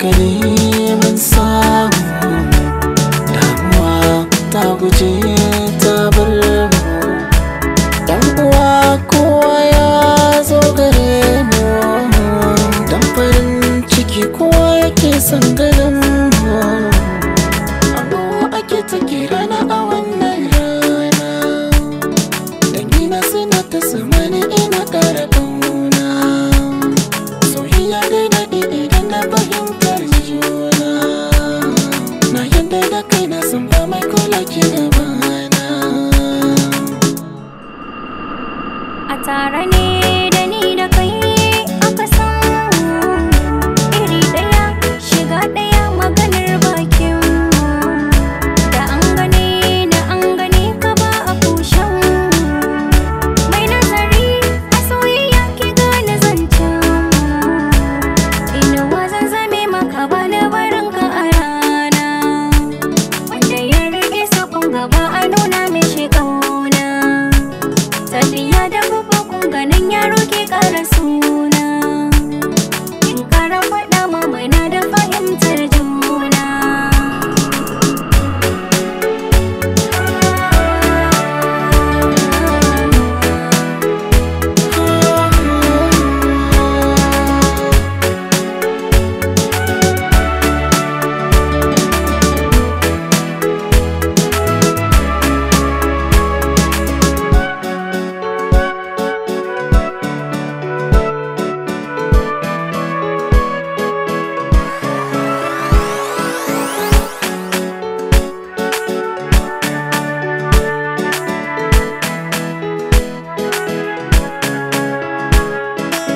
ka ne ban samu damuwa ta guje ta bar mu dan uwa kowa ya zo gare mu dan farin ciki kowa yake son tare ne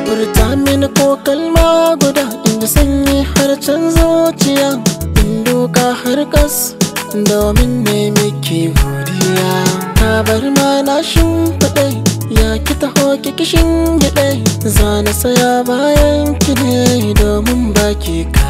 furta mini ko kalma guda inda sanyi har can zuciya in doka har kas domin ne miki godiya ta bar ma na shimfiɗe ya ki taho ki kishin gide zana saya bayan ki ne domin baki ka